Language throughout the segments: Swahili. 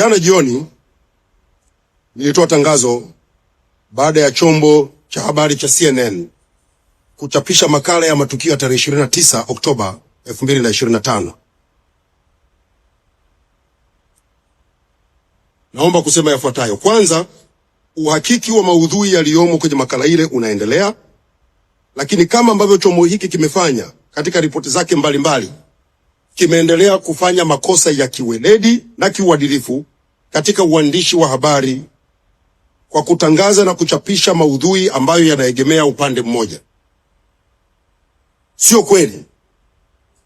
Jana jioni nilitoa tangazo baada ya chombo cha habari cha CNN kuchapisha makala ya matukio ya tarehe 29 Oktoba 2025. Naomba kusema yafuatayo. Kwanza, uhakiki wa maudhui yaliyomo kwenye makala ile unaendelea, lakini kama ambavyo chombo hiki kimefanya katika ripoti zake mbalimbali, kimeendelea kufanya makosa ya kiweledi na kiuadilifu katika uandishi wa habari kwa kutangaza na kuchapisha maudhui ambayo yanaegemea upande mmoja. Sio kweli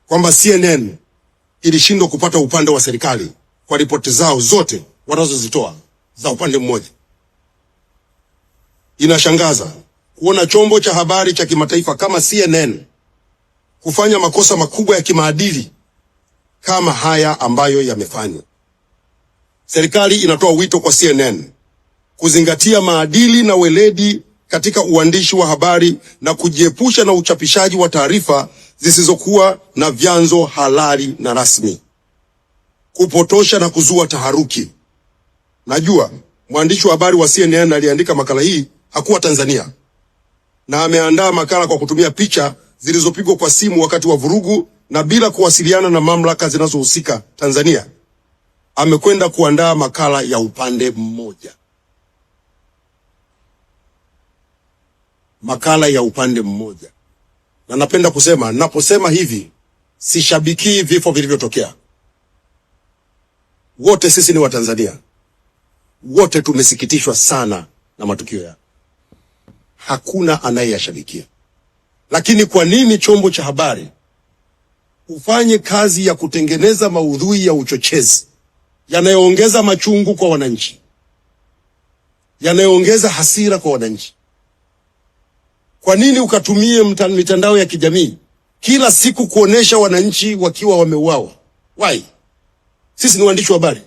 kwamba CNN ilishindwa kupata upande wa serikali kwa ripoti zao zote wanazozitoa za upande mmoja. Inashangaza kuona chombo cha habari cha kimataifa kama CNN kufanya makosa makubwa ya kimaadili kama haya ambayo yamefanywa serikali inatoa wito kwa CNN kuzingatia maadili na weledi katika uandishi wa habari na kujiepusha na uchapishaji wa taarifa zisizokuwa na vyanzo halali na rasmi, kupotosha na kuzua taharuki. Najua mwandishi wa habari wa CNN aliandika makala hii hakuwa Tanzania na ameandaa makala kwa kutumia picha zilizopigwa kwa simu wakati wa vurugu na bila kuwasiliana na mamlaka zinazohusika Tanzania amekwenda kuandaa makala ya upande mmoja, makala ya upande mmoja. Na napenda kusema, naposema hivi sishabikii vifo vilivyotokea. Wote sisi ni Watanzania, wote tumesikitishwa sana na matukio ya hakuna anayeyashabikia. Lakini kwa nini chombo cha habari ufanye kazi ya kutengeneza maudhui ya uchochezi yanayoongeza machungu kwa wananchi, yanayoongeza hasira kwa wananchi. Kwa nini ukatumie mitandao ya kijamii kila siku kuonesha wananchi wakiwa wameuawa? Why? Sisi ni waandishi wa habari.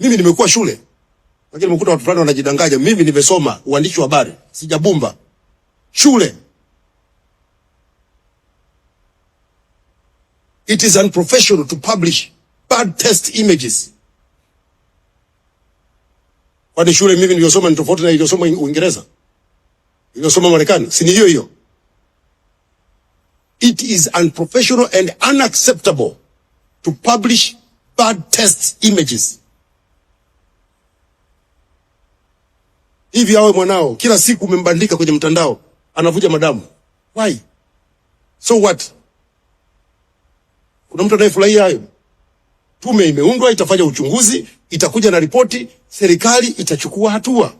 Mimi nimekuwa shule, lakini nimekuta watu fulani wanajidanganya. Mimi nimesoma uandishi wa habari, sijabumba shule. It is unprofessional to publish bad test images. Kwani shule mimi niliyosoma ni tofauti na iliyosoma Uingereza, iliyosoma Marekani? Si ni hiyo hiyo? It is unprofessional and unacceptable to publish bad test images. Hivi awe mwanao kila siku umembandika kwenye mtandao anavuja madamu. Why? So what? Kuna mtu anayefurahia hayo? Tume imeundwa itafanya uchunguzi, itakuja na ripoti, serikali itachukua hatua.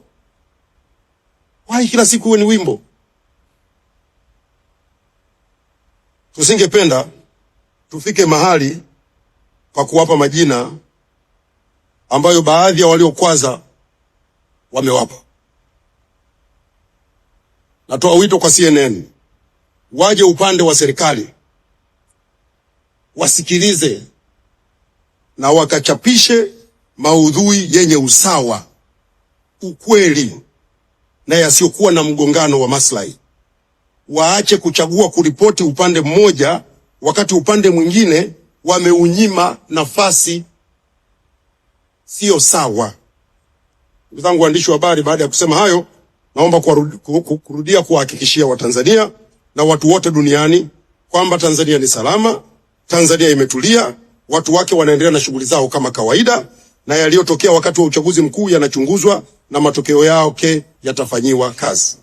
Wai kila siku huwe ni wimbo. Tusingependa tufike mahali pa kuwapa majina ambayo baadhi ya waliokwaza wamewapa. Natoa wito kwa CNN waje upande wa serikali wasikilize na wakachapishe maudhui yenye usawa, ukweli na yasiyokuwa na mgongano wa maslahi. Waache kuchagua kuripoti upande mmoja wakati upande mwingine wameunyima nafasi. Siyo sawa. Ndugu zangu waandishi wa habari, baada ya kusema hayo, naomba kurudia kuwahakikishia Watanzania na watu wote duniani kwamba Tanzania ni salama, Tanzania imetulia watu wake wanaendelea na shughuli zao kama kawaida, na yaliyotokea wakati wa uchaguzi mkuu yanachunguzwa na matokeo yake yatafanyiwa kazi.